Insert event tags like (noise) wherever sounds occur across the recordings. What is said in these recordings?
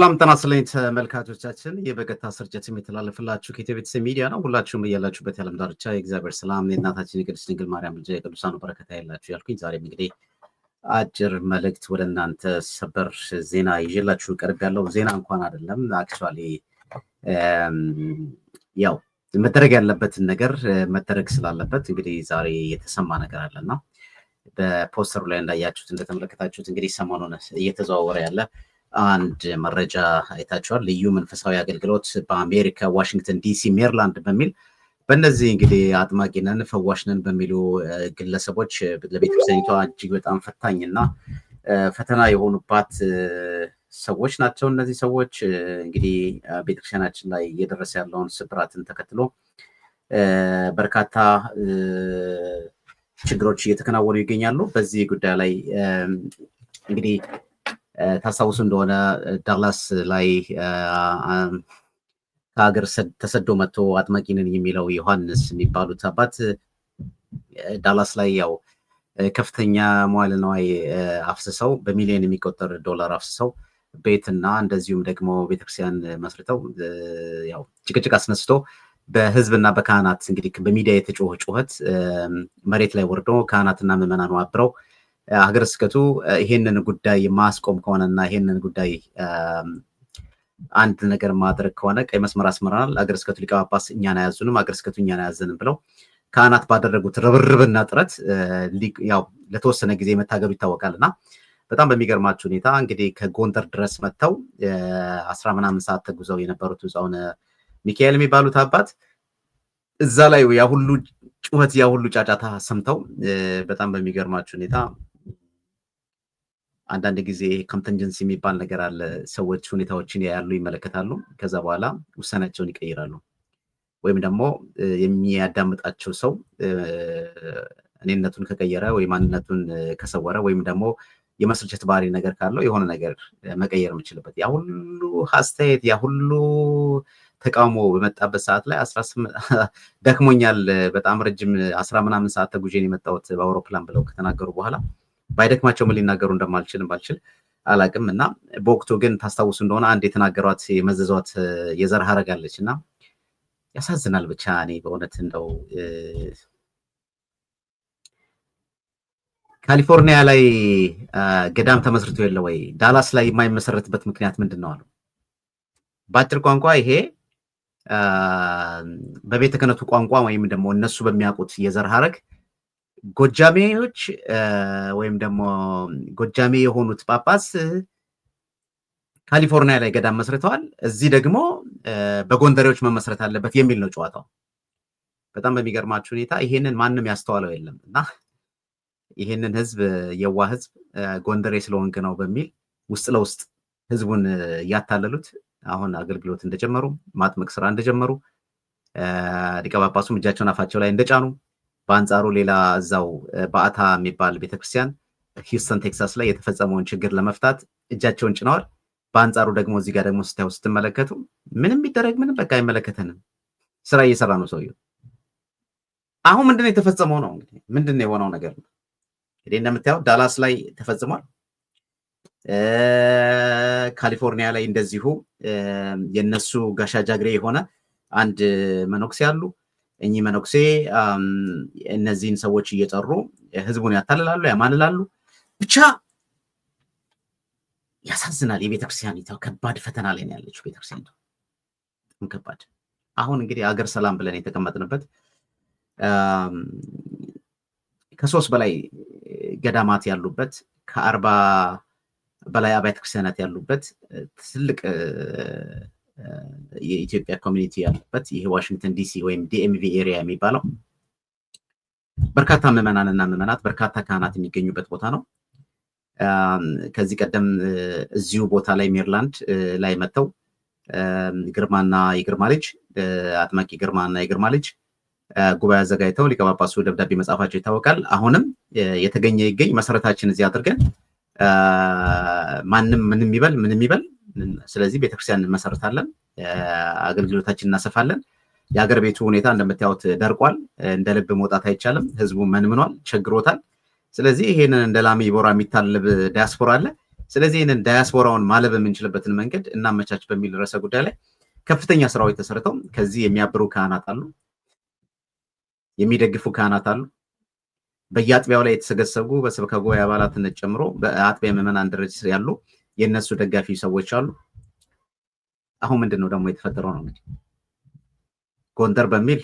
ሰላም ጤና ይስጥልኝ ተመልካቾቻችን፣ የበገታ ስርጭት የሚተላለፍላችሁ ከኢትዮቤተሰብ ሚዲያ ነው። ሁላችሁም እያላችሁበት የዓለም ዳርቻ የእግዚአብሔር ሰላም የእናታችን የቅድስት ድንግል ማርያም ልጃ የቅዱሳኑ በረከታ ያላችሁ ያልኩኝ፣ ዛሬም እንግዲህ አጭር መልእክት ወደ እናንተ ሰበር ዜና ይዤላችሁ ቀርብ ያለው ዜና እንኳን አይደለም። አክቹዋሊ ያው መደረግ ያለበትን ነገር መደረግ ስላለበት እንግዲህ ዛሬ የተሰማ ነገር አለና በፖስተሩ ላይ እንዳያችሁት እንደተመለከታችሁት እንግዲህ ሰሞኑን እየተዘዋወረ ያለ አንድ መረጃ አይታችኋል። ልዩ መንፈሳዊ አገልግሎት በአሜሪካ ዋሽንግተን ዲሲ ሜሪላንድ በሚል በእነዚህ እንግዲህ አጥማቂነን ፈዋሽነን በሚሉ ግለሰቦች ለቤተክርስቲያኒቷ እጅግ በጣም ፈታኝና ፈተና የሆኑባት ሰዎች ናቸው። እነዚህ ሰዎች እንግዲህ ቤተክርስቲያናችን ላይ እየደረሰ ያለውን ስብራትን ተከትሎ በርካታ ችግሮች እየተከናወኑ ይገኛሉ። በዚህ ጉዳይ ላይ እንግዲህ ታስታውሱ እንደሆነ ዳላስ ላይ ከሀገር ተሰዶ መጥቶ አጥማቂንን የሚለው ዮሐንስ የሚባሉት አባት ዳላስ ላይ ያው ከፍተኛ መዋለ ነዋይ አፍስሰው በሚሊዮን የሚቆጠር ዶላር አፍስሰው ቤትና እንደዚሁም ደግሞ ቤተክርስቲያን መስርተው ያው ጭቅጭቅ አስነስቶ በህዝብና በካህናት እንግዲህ በሚዲያ የተጮኸ ጩኸት መሬት ላይ ወርዶ ካህናትና ምዕመናን አብረው ሀገረ ስብከቱ ይሄንን ጉዳይ ማስቆም ከሆነና ይሄንን ጉዳይ አንድ ነገር ማድረግ ከሆነ ቀይ መስመር አስመራናል፣ ሀገረ ስብከቱ ሊቀ ጳጳስ እኛን አያዙንም፣ ሀገረ ስብከቱ እኛን አያዘንም ብለው ካህናት ባደረጉት ርብርብና ጥረት ያው ለተወሰነ ጊዜ መታገዱ ይታወቃል እና በጣም በሚገርማችሁ ሁኔታ እንግዲህ ከጎንደር ድረስ መጥተው አስራ ምናምን ሰዓት ተጉዘው የነበሩት ብፁዕ ሚካኤል የሚባሉት አባት እዛ ላይ ያ ሁሉ ጩኸት ያ ሁሉ ጫጫታ ሰምተው በጣም በሚገርማችሁ ሁኔታ አንዳንድ ጊዜ ኮንተንጀንሲ የሚባል ነገር አለ። ሰዎች ሁኔታዎችን ያሉ ይመለከታሉ። ከዛ በኋላ ውሳኔያቸውን ይቀይራሉ። ወይም ደግሞ የሚያዳምጣቸው ሰው እኔነቱን ከቀየረ ወይም ማንነቱን ከሰወረ ወይም ደግሞ የመስርቸት ባህሪ ነገር ካለው የሆነ ነገር መቀየር የምችልበት ያ ሁሉ አስተያየት ያ ሁሉ ተቃውሞ በመጣበት ሰዓት ላይ ደክሞኛል፣ በጣም ረጅም አስራ ምናምን ሰዓት ተጉዤን የመጣሁት በአውሮፕላን ብለው ከተናገሩ በኋላ ባይደክማቸው ምን ሊናገሩ እንደማልችል ባልችል አላቅም እና በወቅቱ ግን ታስታውሱ እንደሆነ አንድ የተናገሯት የመዘዟት የዘር ሀረግ አለች እና ያሳዝናል። ብቻ እኔ በእውነት እንደው ካሊፎርኒያ ላይ ገዳም ተመስርቶ የለ ወይ? ዳላስ ላይ የማይመሰረትበት ምክንያት ምንድን ነው አሉ። በአጭር ቋንቋ ይሄ በቤተ ክህነቱ ቋንቋ ወይም ደግሞ እነሱ በሚያውቁት የዘር ሀረግ ጎጃሜዎች ወይም ደግሞ ጎጃሜ የሆኑት ጳጳስ ካሊፎርኒያ ላይ ገዳም መስርተዋል። እዚህ ደግሞ በጎንደሬዎች መመስረት አለበት የሚል ነው ጨዋታው። በጣም በሚገርማችሁ ሁኔታ ይሄንን ማንም ያስተዋለው የለም እና ይሄንን ህዝብ የዋ ህዝብ ጎንደሬ ስለሆንክ ነው በሚል ውስጥ ለውስጥ ህዝቡን እያታለሉት አሁን አገልግሎት እንደጀመሩ ማጥመቅ ስራ እንደጀመሩ ሊቀ ጳጳሱም እጃቸውን አፋቸው ላይ እንደጫኑ በአንጻሩ ሌላ እዛው በአታ የሚባል ቤተክርስቲያን ሂውስተን ቴክሳስ ላይ የተፈጸመውን ችግር ለመፍታት እጃቸውን ጭነዋል። በአንጻሩ ደግሞ እዚህ ጋር ደግሞ ስታዩ ስትመለከቱ ምንም ቢደረግ ምንም በቃ አይመለከተንም፣ ስራ እየሰራ ነው ሰውየው። አሁን ምንድነው የተፈጸመው ነው እንግዲህ ምንድነው የሆነው ነገር ነው እንግዲህ እንደምታየው ዳላስ ላይ ተፈጽሟል። ካሊፎርኒያ ላይ እንደዚሁ የነሱ ጋሻ ጃግሬ የሆነ አንድ መነኩሴ አሉ። እኚህ መነኩሴ እነዚህን ሰዎች እየጠሩ ህዝቡን ያታልላሉ፣ ያማልላሉ። ብቻ ያሳዝናል። የቤተክርስቲያኒቷ ከባድ ፈተና ላይ ነው ያለችው። ቤተክርስቲያኒቷ በጣም ከባድ። አሁን እንግዲህ አገር ሰላም ብለን የተቀመጥንበት ከሶስት በላይ ገዳማት ያሉበት ከአርባ በላይ አብያተ ክርስቲያናት ያሉበት ትልቅ የኢትዮጵያ ኮሚኒቲ ያለበት ይሄ ዋሽንግተን ዲሲ ወይም ዲኤምቪ ኤሪያ የሚባለው በርካታ ምዕመናን እና ምዕመናት በርካታ ካህናት የሚገኙበት ቦታ ነው። ከዚህ ቀደም እዚሁ ቦታ ላይ ሜሪላንድ ላይ መጥተው ግርማና የግርማ ልጅ አጥማቂ ግርማና የግርማ ልጅ ጉባኤ አዘጋጅተው ሊቀጳጳሱ ደብዳቤ መጻፋቸው ይታወቃል። አሁንም የተገኘ ይገኝ መሰረታችን እዚህ አድርገን ማንም ምንም ይበል ምንም ይበል ስለዚህ ቤተክርስቲያን እንመሰርታለን፣ አገልግሎታችን እናሰፋለን። የሀገር ቤቱ ሁኔታ እንደምታዩት ደርቋል። እንደ ልብ መውጣት አይቻልም። ህዝቡ መንምኗል፣ ቸግሮታል። ስለዚህ ይህንን እንደ ላሚ ቦራ የሚታልብ ዳያስፖራ አለ። ስለዚህ ይህንን ዳያስፖራውን ማለብ የምንችልበትን መንገድ እናመቻች በሚል ርዕሰ ጉዳይ ላይ ከፍተኛ ስራዎች ተሰርተው ከዚህ የሚያብሩ ካህናት አሉ፣ የሚደግፉ ካህናት አሉ። በየአጥቢያው ላይ የተሰገሰጉ በስብከ ጉባኤ አባላትነት ጨምሮ በአጥቢያ ምዕመናን ደረጃ ያሉ የእነሱ ደጋፊ ሰዎች አሉ። አሁን ምንድን ነው ደግሞ የተፈጠረው ነው እንግዲህ ጎንደር በሚል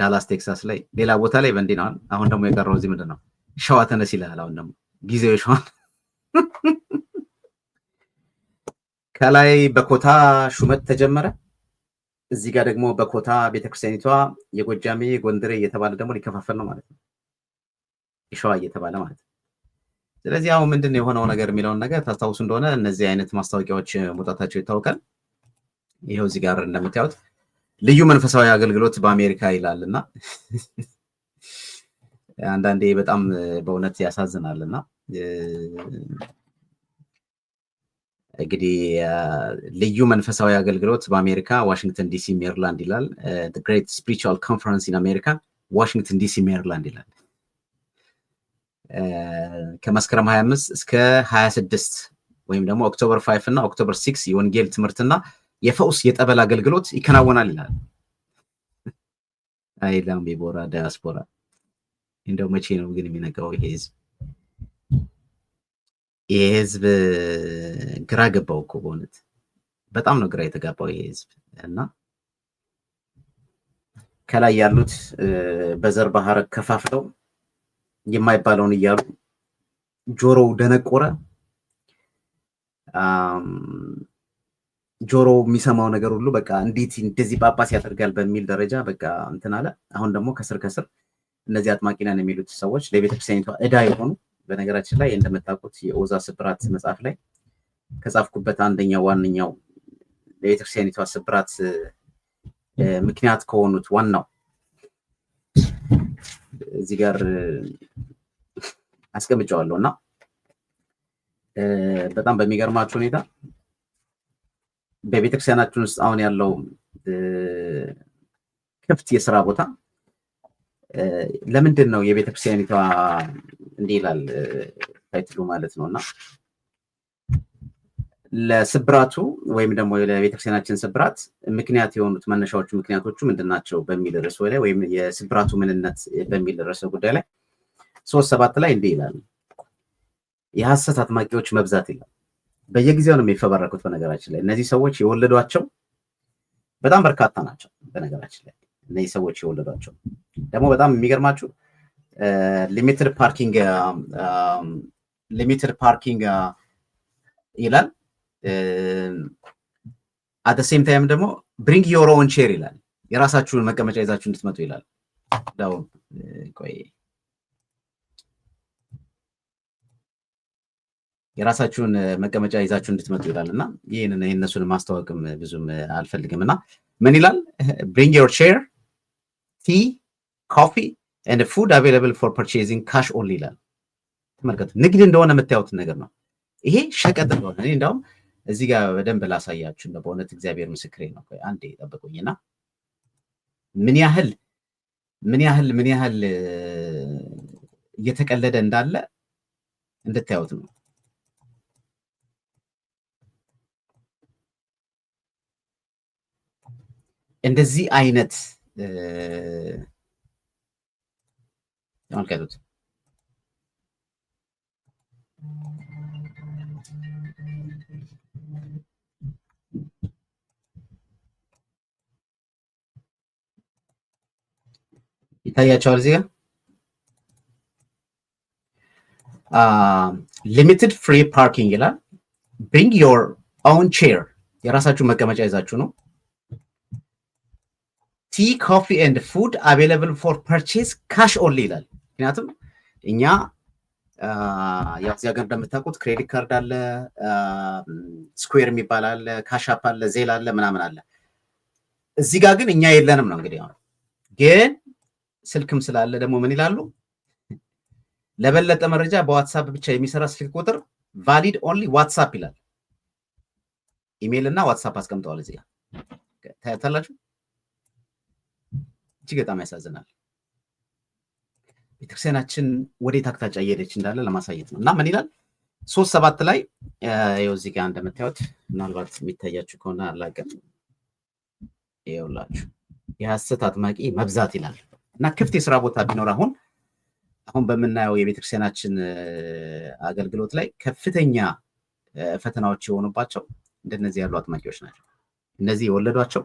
ዳላስ ቴክሳስ ላይ ሌላ ቦታ ላይ በእንዲህ ነዋል። አሁን ደግሞ የቀረው እዚህ ምንድን ነው ሸዋ ተነስ ይልሃል። አሁን ደግሞ ጊዜው ሸዋን (laughs) ከላይ በኮታ ሹመት ተጀመረ። እዚህ ጋር ደግሞ በኮታ ቤተክርስቲያኒቷ የጎጃሜ ጎንደሬ እየተባለ ደግሞ ሊከፋፈል ነው ማለት ነው። ሸዋ እየተባለ ማለት ነው። ስለዚህ አሁን ምንድን የሆነው ነገር የሚለውን ነገር ታስታውሱ እንደሆነ እነዚህ አይነት ማስታወቂያዎች መውጣታቸው ይታወቃል። ይኸው እዚህ ጋር እንደምታዩት ልዩ መንፈሳዊ አገልግሎት በአሜሪካ ይላል እና አንዳንዴ በጣም በእውነት ያሳዝናል እና እንግዲህ ልዩ መንፈሳዊ አገልግሎት በአሜሪካ ዋሽንግተን ዲሲ ሜሪላንድ ይላል። ግሬት ስፒሪቹዋል ኮንፈረንስ ኢን አሜሪካ ዋሽንግተን ዲሲ ሜሪላንድ ይላል። ከመስከረም 25 እስከ 26 ወይም ደግሞ ኦክቶበር 5 እና ኦክቶበር 6 የወንጌል ትምህርትና የፈውስ የጠበል አገልግሎት ይከናወናል ይላል። አይላም ቦራ ዳያስፖራ እንደው መቼ ነው ግን የሚነቃው ይሄ ህዝብ? ይሄ ህዝብ ግራ ገባው እኮ በእውነት በጣም ነው ግራ የተጋባው ይሄ ህዝብ እና ከላይ ያሉት በዘር ባህር ከፋፍለው የማይባለውን እያሉ ጆሮው ደነቆረ። ጆሮ የሚሰማው ነገር ሁሉ በቃ እንዴት እንደዚህ ጳጳስ ያደርጋል በሚል ደረጃ በቃ እንትን አለ። አሁን ደግሞ ከስር ከስር እነዚህ አጥማቂ ነን የሚሉት ሰዎች ለቤተክርስቲያኒቷ እዳ የሆኑ በነገራችን ላይ እንደምታውቁት የኦዛ ስብራት መጽሐፍ ላይ ከጻፍኩበት አንደኛው ዋነኛው ለቤተክርስቲያኒቷ ስብራት ምክንያት ከሆኑት ዋናው እዚህ ጋር አስቀምጨዋለሁ እና በጣም በሚገርማችሁ ሁኔታ በቤተክርስቲያናችን ውስጥ አሁን ያለው ክፍት የስራ ቦታ ለምንድን ነው የቤተክርስቲያኒቷ እንዲህ ይላል ታይትሉ ማለት ነው እና ለስብራቱ ወይም ደግሞ ለቤተክርስቲያናችን ስብራት ምክንያት የሆኑት መነሻዎቹ ምክንያቶቹ ምንድን ናቸው በሚል ርዕስ ወይ ወይም የስብራቱ ምንነት በሚል ርዕሰ ጉዳይ ላይ ሶስት ሰባት ላይ እንዲህ ይላል የሐሰት አጥማቂዎች መብዛት ይላል። በየጊዜው ነው የሚፈበረኩት። በነገራችን ላይ እነዚህ ሰዎች የወለዷቸው በጣም በርካታ ናቸው። በነገራችን ላይ እነዚህ ሰዎች የወለዷቸው ደግሞ በጣም የሚገርማችሁ ሊሚትድ ፓርኪንግ ሊሚትድ ፓርኪንግ ይላል። አት ሴም ታይም ደግሞ ብሪንግ ዮር ኦውን ቼር ይላል። የራሳችሁን መቀመጫ ይዛችሁ እንድትመጡ ይላል። ቆይ የራሳችሁን መቀመጫ ይዛችሁ እንድትመጡ ይላል እና ይህንን የእነሱን ማስታወቅም ብዙም አልፈልግም እና ምን ይላል ብሪንግ ዮር ቼር ቲ ኮፊ ኤንድ ፉድ አቬይላብል ፎር ፐርቼዚንግ ካሽ ኦንሊ ይላል። ተመልከቱ፣ ንግድ እንደሆነ የምታዩትን ነገር ነው። ይሄ ሸቀጥ እንደሆነ እኔ እንዲሁም እዚህ ጋር በደንብ ላሳያችሁ። በእውነት እግዚአብሔር ምስክሬ ነው። አንዴ ጠብቁኝና ምን ያህል ምን ያህል ምን ያህል እየተቀለደ እንዳለ እንድታዩት ነው። እንደዚህ አይነት ተመልከቱት። ይታያቸዋል እዚህ ጋር ሊሚትድ ፍሪ ፓርኪንግ ይላል። ብሪንግ ዮር ኦውን ቼር የራሳችሁ መቀመጫ ይዛችሁ ነው ቲ ኮፊ ኤንድ ፉድ አቬለብል ፎር ፐርቼዝ ካሽ ኦንሊ ይላል። ምክንያቱም እኛ ያው እዚህ ሀገር እንደምታውቁት ክሬዲት ካርድ አለ፣ ስኩዌር የሚባል አለ፣ ካሽ አፕ አለ፣ ዜል አለ፣ ምናምን አለ። እዚህ ጋር ግን እኛ የለንም ነው እንግዲህ። አሁን ግን ስልክም ስላለ ደግሞ ምን ይላሉ? ለበለጠ መረጃ በዋትሳፕ ብቻ የሚሰራ ስልክ ቁጥር ቫሊድ ኦንሊ ዋትሳፕ ይላል። ኢሜይል እና ዋትሳፕ አስቀምጠዋል እዚህ ጋር ታያታላችሁ። እጅግ በጣም ያሳዝናል። ቤተክርስቲያናችን ወዴት አቅጣጫ እየሄደች እንዳለ ለማሳየት ነው እና ምን ይላል ሶስት ሰባት ላይ ይኸው እዚህ ጋር እንደምታዩት ምናልባት የሚታያችሁ ከሆነ አላቅም ይኸውላችሁ የሐሰት አጥማቂ መብዛት ይላል እና ክፍት የስራ ቦታ ቢኖር አሁን አሁን በምናየው የቤተክርስቲያናችን አገልግሎት ላይ ከፍተኛ ፈተናዎች የሆኑባቸው እንደነዚህ ያሉ አጥማቂዎች ናቸው። እነዚህ የወለዷቸው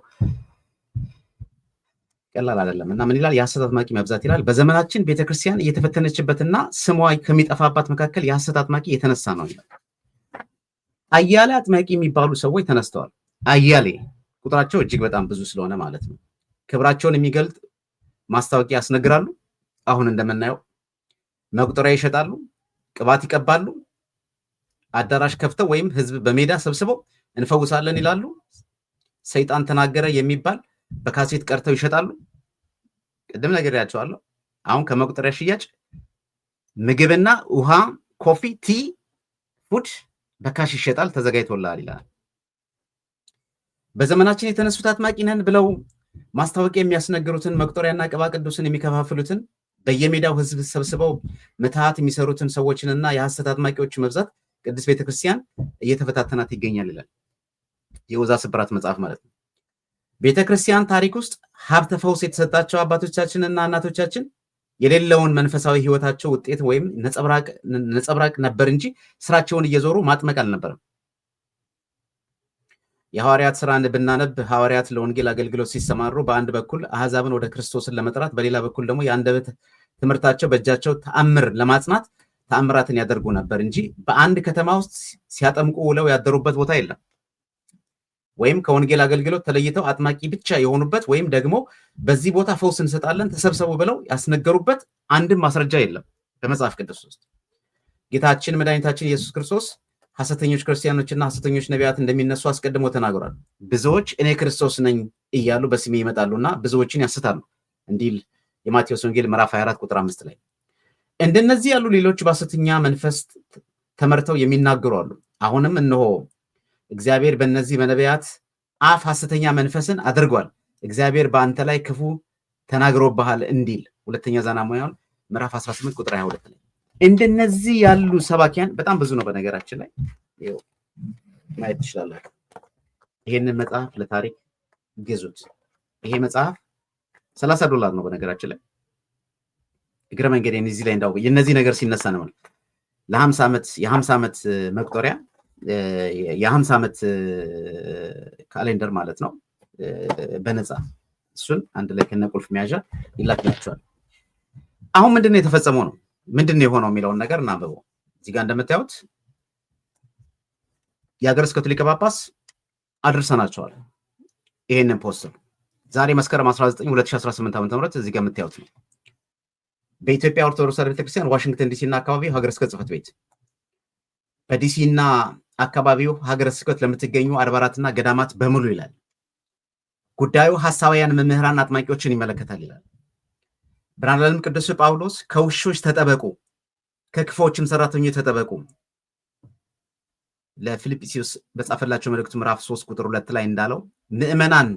ቀላል አይደለም እና ምን ይላል የሐሰት አጥማቂ መብዛት ይላል። በዘመናችን ቤተክርስቲያን እየተፈተነችበትና ስሟ ከሚጠፋባት መካከል የሐሰት አጥማቂ የተነሳ ነው ይላል። አያሌ አጥማቂ የሚባሉ ሰዎች ተነስተዋል። አያሌ ቁጥራቸው እጅግ በጣም ብዙ ስለሆነ ማለት ነው። ክብራቸውን የሚገልጥ ማስታወቂያ ያስነግራሉ። አሁን እንደምናየው መቁጠሪያ ይሸጣሉ፣ ቅባት ይቀባሉ፣ አዳራሽ ከፍተው ወይም ህዝብ በሜዳ ሰብስበው እንፈውሳለን ይላሉ። ሰይጣን ተናገረ የሚባል በካሴት ቀርተው ይሸጣሉ። ቅድም ነግሬያቸዋለሁ። አሁን ከመቁጠሪያ ሽያጭ ምግብና ውሃ፣ ኮፊ፣ ቲ፣ ፉድ በካሽ ይሸጣል ተዘጋጅቶላል ይላል። በዘመናችን የተነሱት አጥማቂ ነን ብለው ማስታወቂያ የሚያስነግሩትን መቁጠሪያና ቅባ ቅዱስን የሚከፋፍሉትን በየሜዳው ህዝብ ሰብስበው ምትሃት የሚሰሩትን ሰዎችንና የሐሰት አጥማቂዎች መብዛት ቅድስት ቤተክርስቲያን እየተፈታተናት ይገኛል ይላል የወዛ ስብራት መጽሐፍ ማለት ነው። ቤተ ክርስቲያን ታሪክ ውስጥ ሀብተ ፈውስ የተሰጣቸው አባቶቻችንና እናቶቻችን የሌለውን መንፈሳዊ ህይወታቸው ውጤት ወይም ነጸብራቅ ነበር እንጂ ስራቸውን እየዞሩ ማጥመቅ አልነበረም። የሐዋርያት ስራን ብናነብ ሐዋርያት ለወንጌል አገልግሎት ሲሰማሩ በአንድ በኩል አህዛብን ወደ ክርስቶስን ለመጥራት፣ በሌላ በኩል ደግሞ የአንደበት ትምህርታቸው በእጃቸው ተአምር ለማጽናት ተአምራትን ያደርጉ ነበር እንጂ በአንድ ከተማ ውስጥ ሲያጠምቁ ውለው ያደሩበት ቦታ የለም። ወይም ከወንጌል አገልግሎት ተለይተው አጥማቂ ብቻ የሆኑበት ወይም ደግሞ በዚህ ቦታ ፈውስ እንሰጣለን ተሰብሰቡ ብለው ያስነገሩበት አንድም ማስረጃ የለም በመጽሐፍ ቅዱስ ውስጥ። ጌታችን መድኃኒታችን ኢየሱስ ክርስቶስ ሐሰተኞች ክርስቲያኖችና ሐሰተኞች ነቢያት እንደሚነሱ አስቀድሞ ተናግሯል። ብዙዎች እኔ ክርስቶስ ነኝ እያሉ በስሜ ይመጣሉና ብዙዎችን ያስታሉ እንዲል የማቴዎስ ወንጌል ምዕራፍ 24 ቁጥር አምስት ላይ እንደነዚህ ያሉ ሌሎች በሐሰተኛ መንፈስ ተመርተው የሚናገሩ አሉ። አሁንም እነሆ እግዚአብሔር በእነዚህ በነቢያት አፍ ሐሰተኛ መንፈስን አድርጓል። እግዚአብሔር በአንተ ላይ ክፉ ተናግሮብሃል እንዲል ሁለተኛ ዜና መዋዕል ምዕራፍ 18 ቁጥር 22 ላይ እንደነዚህ ያሉ ሰባኪያን በጣም ብዙ ነው። በነገራችን ላይ ማየት ትችላላችሁ። ይሄንን መጽሐፍ ለታሪክ ግዙት። ይሄ መጽሐፍ 30 ዶላር ነው። በነገራችን ላይ እግረ መንገድ እዚህ ላይ እንዳው የነዚህ ነገር ሲነሳ ነው ለሀምሳ ዓመት የ50 ዓመት መቁጠሪያ የሀምሳ ዓመት ካሌንደር ማለት ነው በነፃ እሱን አንድ ላይ ከነ ቁልፍ መያዣ ይላክላቸዋል። አሁን ምንድነው ነው የተፈጸመው ነው ምንድን የሆነው የሚለውን ነገር እናንብበው። እዚህ እንደምታዩት የሀገር ስብከቱ ሊቀ ጳጳስ አድርሰናቸዋል። ይሄንን ፖስት ዛሬ መስከረም 19 2018 ዓ ም እዚህ የምታዩት ነው። በኢትዮጵያ ኦርቶዶክስ ቤተክርስቲያን ዋሽንግተን ዲሲ እና አካባቢ ሀገር እስከ ጽፈት ቤት በዲሲ እና አካባቢው ሀገረ ስብከት ለምትገኙ አድባራትና ገዳማት በሙሉ ይላል። ጉዳዩ ሐሳባውያን መምህራን አጥማቂዎችን ይመለከታል ይላል። ብርሃናለም ቅዱስ ጳውሎስ ከውሾች ተጠበቁ፣ ከክፎችም ሰራተኞች ተጠበቁ ለፊልጵስዩስ በጻፈላቸው መልእክቱ ምዕራፍ 3 ቁጥር ሁለት ላይ እንዳለው ምዕመናን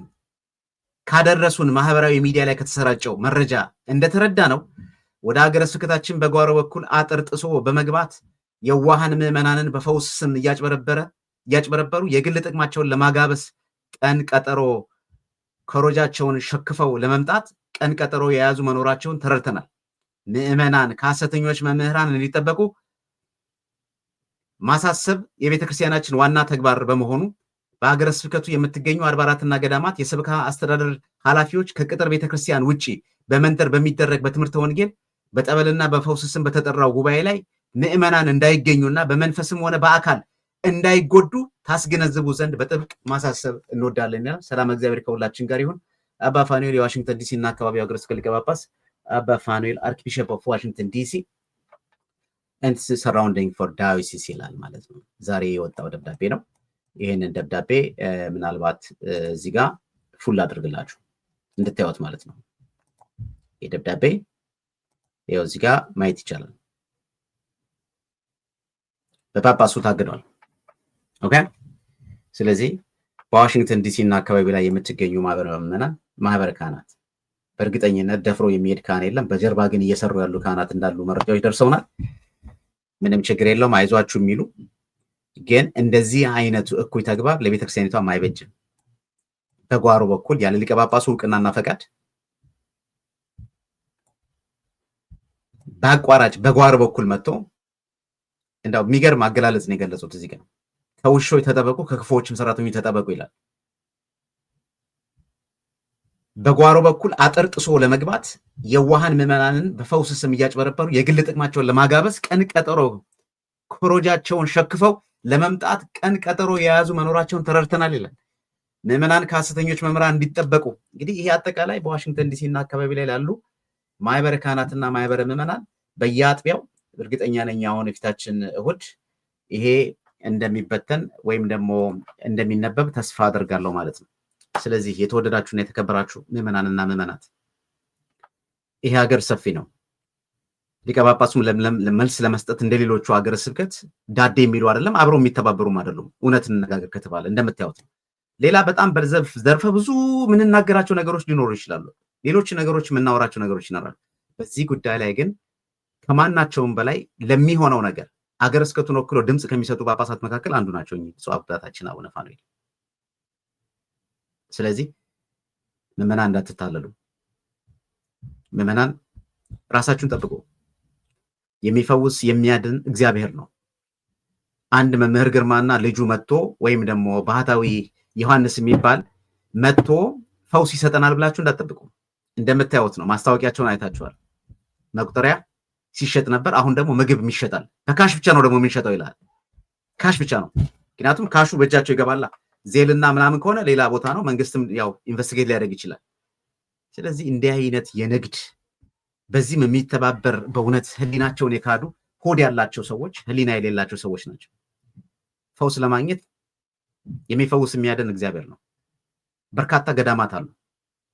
ካደረሱን ማህበራዊ ሚዲያ ላይ ከተሰራጨው መረጃ እንደተረዳ ነው ወደ ሀገረ ስብከታችን በጓሮ በኩል አጥር ጥሶ በመግባት የዋሃን ምዕመናንን በፈውስ ስም እያጭበረበረ እያጭበረበሩ የግል ጥቅማቸውን ለማጋበስ ቀን ቀጠሮ ከሮጃቸውን ሸክፈው ለመምጣት ቀን ቀጠሮ የያዙ መኖራቸውን ተረድተናል። ምዕመናን ከሐሰተኞች መምህራን እንዲጠበቁ ማሳሰብ የቤተ ክርስቲያናችን ዋና ተግባር በመሆኑ በሀገረ ስብከቱ የምትገኙ አድባራትና ገዳማት የሰብካ አስተዳደር ኃላፊዎች ከቅጥር ቤተ ክርስቲያን ውጭ በመንደር በሚደረግ በትምህርተ ወንጌል በጠበልና በፈውስ ስም በተጠራው ጉባኤ ላይ ምእመናን እንዳይገኙና በመንፈስም ሆነ በአካል እንዳይጎዱ ታስገነዝቡ ዘንድ በጥብቅ ማሳሰብ እንወዳለን። ያ ሰላም እግዚአብሔር ከሁላችን ጋር ይሁን። አባ ፋኑኤል የዋሽንግተን ዲሲ እና አካባቢ ሀገረ ስብከት ሊቀ ጳጳስ፣ አባ ፋኑኤል አርክቢሸፕ ኦፍ ዋሽንግተን ዲሲ ኤንድ ሰራውንዲንግ ፎር ዳዮሲስ ይላል ማለት ነው። ዛሬ የወጣው ደብዳቤ ነው። ይህንን ደብዳቤ ምናልባት እዚህ ጋር ፉል አድርግላችሁ እንድታዩት ማለት ነው። ይህ ደብዳቤ ይኸው እዚህ ጋር ማየት ይቻላል። በጳጳሱ ታግዷል። ኦኬ። ስለዚህ በዋሽንግተን ዲሲ እና አካባቢ ላይ የምትገኙ ማህበረ ምዕመናን፣ ማህበረ ካህናት በእርግጠኝነት ደፍሮ የሚሄድ ካህን የለም። በጀርባ ግን እየሰሩ ያሉ ካህናት እንዳሉ መረጃዎች ደርሰውናል። ምንም ችግር የለውም አይዟችሁ የሚሉ ግን እንደዚህ አይነቱ እኩይ ተግባር ለቤተክርስቲያኒቷም አይበጅም። በጓሮ በኩል ያለ ሊቀ ጳጳሱ እውቅናና ፈቃድ በአቋራጭ በጓሮ በኩል መጥቶ እንደው የሚገርም አገላለጽ ነው የገለጹት እዚህ ጋር ከውሾች ተጠበቁ ከክፉዎችም ሰራተኞች ተጠበቁ ይላል። በጓሮ በኩል አጥር ጥሶ ለመግባት የዋሃን ምዕመናንን በፈውስ ስም እያጭበረበሩ የግል ጥቅማቸውን ለማጋበስ ቀን ቀጠሮ ኮሮጃቸውን ሸክፈው ለመምጣት ቀን ቀጠሮ የያዙ መኖራቸውን ተረድተናል ይላል። ምዕመናን ከሐሰተኞች መምህራን እንዲጠበቁ እንግዲህ ይሄ አጠቃላይ በዋሽንግተን ዲሲ እና አካባቢ ላይ ላሉ ማህበረ ካህናትና ማህበረ ምዕመናን በየአጥቢያው እርግጠኛ ነኝ አሁን የፊታችን እሁድ ይሄ እንደሚበተን ወይም ደግሞ እንደሚነበብ ተስፋ አደርጋለሁ ማለት ነው። ስለዚህ የተወደዳችሁና የተከበራችሁ ምዕመናንና ምዕመናት ይሄ ሀገር ሰፊ ነው። ሊቀ ጳጳሱም መልስ ለመስጠት እንደ ሌሎቹ ሀገረ ስብከት ዳዴ የሚሉ አይደለም፣ አብረው የሚተባበሩም አይደሉም። እውነት እንነጋገር ከተባለ እንደምታዩት ነው። ሌላ በጣም ዘርፈ ብዙ የምንናገራቸው ነገሮች ሊኖሩ ይችላሉ። ሌሎች ነገሮች የምናወራቸው ነገሮች ይኖራሉ። በዚህ ጉዳይ ላይ ግን ከማናቸውም በላይ ለሚሆነው ነገር አገር ስብከቱን ወክሎ ድምፅ ከሚሰጡ ጳጳሳት መካከል አንዱ ናቸው ብፁዕ አባታችን አቡነ ፋኑኤል። ስለዚህ ምዕመናን እንዳትታለሉ፣ ምዕመናን ራሳችሁን ጠብቁ። የሚፈውስ የሚያድን እግዚአብሔር ነው። አንድ መምህር ግርማና ልጁ መጥቶ ወይም ደግሞ ባህታዊ ዮሐንስ የሚባል መጥቶ ፈውስ ይሰጠናል ብላችሁ እንዳትጠብቁ። እንደምታዩት ነው። ማስታወቂያቸውን አይታችኋል። መቁጠሪያ ሲሸጥ ነበር። አሁን ደግሞ ምግብ ይሸጣል። በካሽ ብቻ ነው ደግሞ የምንሸጠው ይላል። ካሽ ብቻ ነው። ምክንያቱም ካሹ በእጃቸው ይገባላ። ዜልና ምናምን ከሆነ ሌላ ቦታ ነው። መንግስትም ያው ኢንቨስቲጌት ሊያደርግ ይችላል። ስለዚህ እንዲህ አይነት የንግድ በዚህም የሚተባበር በእውነት ህሊናቸውን የካዱ ሆድ ያላቸው ሰዎች ህሊና የሌላቸው ሰዎች ናቸው። ፈውስ ለማግኘት የሚፈውስ የሚያደን እግዚአብሔር ነው። በርካታ ገዳማት አሉ።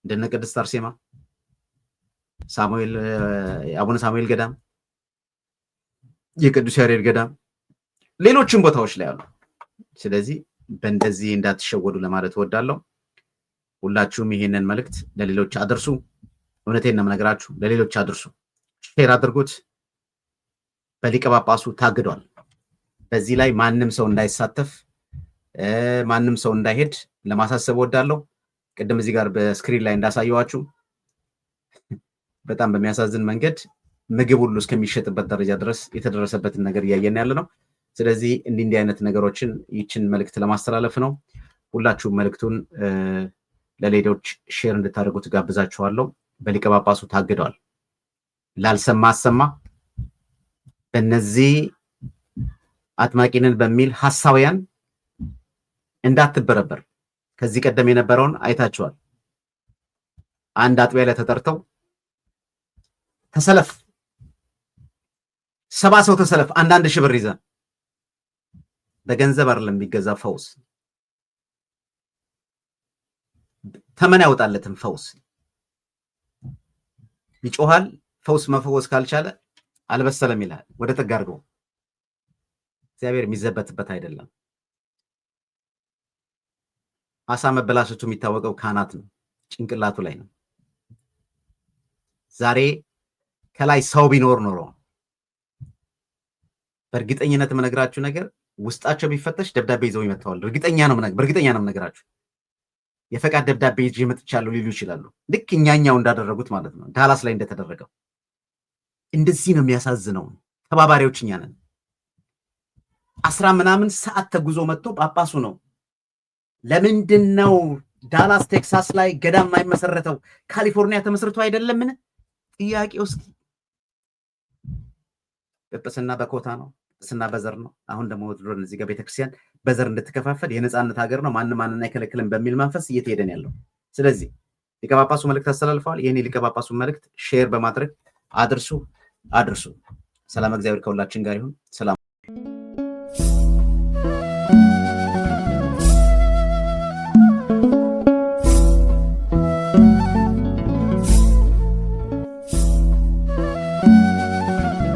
እንደነ ቅድስት አርሴማ፣ ሳሙኤል አቡነ ሳሙኤል ገዳም የቅዱስ ያሬድ ገዳም፣ ሌሎችም ቦታዎች ላይ አሉ። ስለዚህ በእንደዚህ እንዳትሸወዱ ለማለት እወዳለሁ። ሁላችሁም ይሄንን መልእክት ለሌሎች አድርሱ። እውነቴን ነው የምነግራችሁ፣ ለሌሎች አድርሱ፣ ሼር አድርጉት። በሊቀ ጳጳሱ ታግዷል። በዚህ ላይ ማንም ሰው እንዳይሳተፍ ማንም ሰው እንዳይሄድ ለማሳሰብ እወዳለሁ። ቅድም እዚህ ጋር በስክሪን ላይ እንዳሳየዋችሁ በጣም በሚያሳዝን መንገድ ምግብ ሁሉ እስከሚሸጥበት ደረጃ ድረስ የተደረሰበትን ነገር እያየን ያለ ነው። ስለዚህ እንዲህ እንዲህ አይነት ነገሮችን ይችን መልእክት ለማስተላለፍ ነው። ሁላችሁም መልእክቱን ለሌሎች ሼር እንድታደርጉ ትጋብዛችኋለሁ። በሊቀ ጳጳሱ ታግደዋል። ላልሰማ አሰማ በነዚህ አጥማቂንን በሚል ሀሳውያን እንዳትበረበር። ከዚህ ቀደም የነበረውን አይታችኋል። አንድ አጥቢያ ላይ ተጠርተው ተሰለፍ ሰባ ሰው ተሰለፍ። አንዳንድ ሺህ ብር በገንዘብ አይደለም የሚገዛ ፈውስ ተመን ያወጣለትም ፈውስ ይጮሃል። ፈውስ መፈወስ ካልቻለ አልበሰለም ይላል ወደ ጥግ አድርገው። እግዚአብሔር የሚዘበትበት አይደለም። አሳ መበላሸቱ የሚታወቀው ካናት ነው፣ ጭንቅላቱ ላይ ነው። ዛሬ ከላይ ሰው ቢኖር ኖረው በእርግጠኝነት የምነግራችሁ ነገር ውስጣቸው ቢፈተሽ ደብዳቤ ይዘው ይመጥተዋል። እርግጠኛ ነው፣ በእርግጠኛ ነው የምነግራችሁ። የፈቃድ ደብዳቤ ይዤ መጥቻለሁ ሊሉ ይችላሉ። ልክ እኛኛው እንዳደረጉት ማለት ነው፣ ዳላስ ላይ እንደተደረገው። እንደዚህ ነው የሚያሳዝነው። ተባባሪዎች እኛ ነን። አስራ ምናምን ሰዓት ተጉዞ መጥቶ ጳጳሱ ነው ለምንድን ነው ዳላስ ቴክሳስ ላይ ገዳም የማይመሰረተው? ካሊፎርኒያ ተመስርቶ አይደለምን? ጥያቄው እስኪ ጵጵስና በኮታ ነው ስና በዘር ነው። አሁን ደግሞ ወትሮ እዚህ ጋር ቤተክርስቲያን በዘር እንድትከፋፈል የነፃነት ሀገር ነው፣ ማንም ማንን አይከለክልም በሚል መንፈስ እየተሄደን ያለው። ስለዚህ ሊቀ ጳጳሱ መልእክት አስተላልፈዋል። ይህን ሊቀ ጳጳሱ መልእክት ሼር በማድረግ አድርሱ አድርሱ። ሰላም እግዚአብሔር ከሁላችን ጋር ይሁን። ሰላም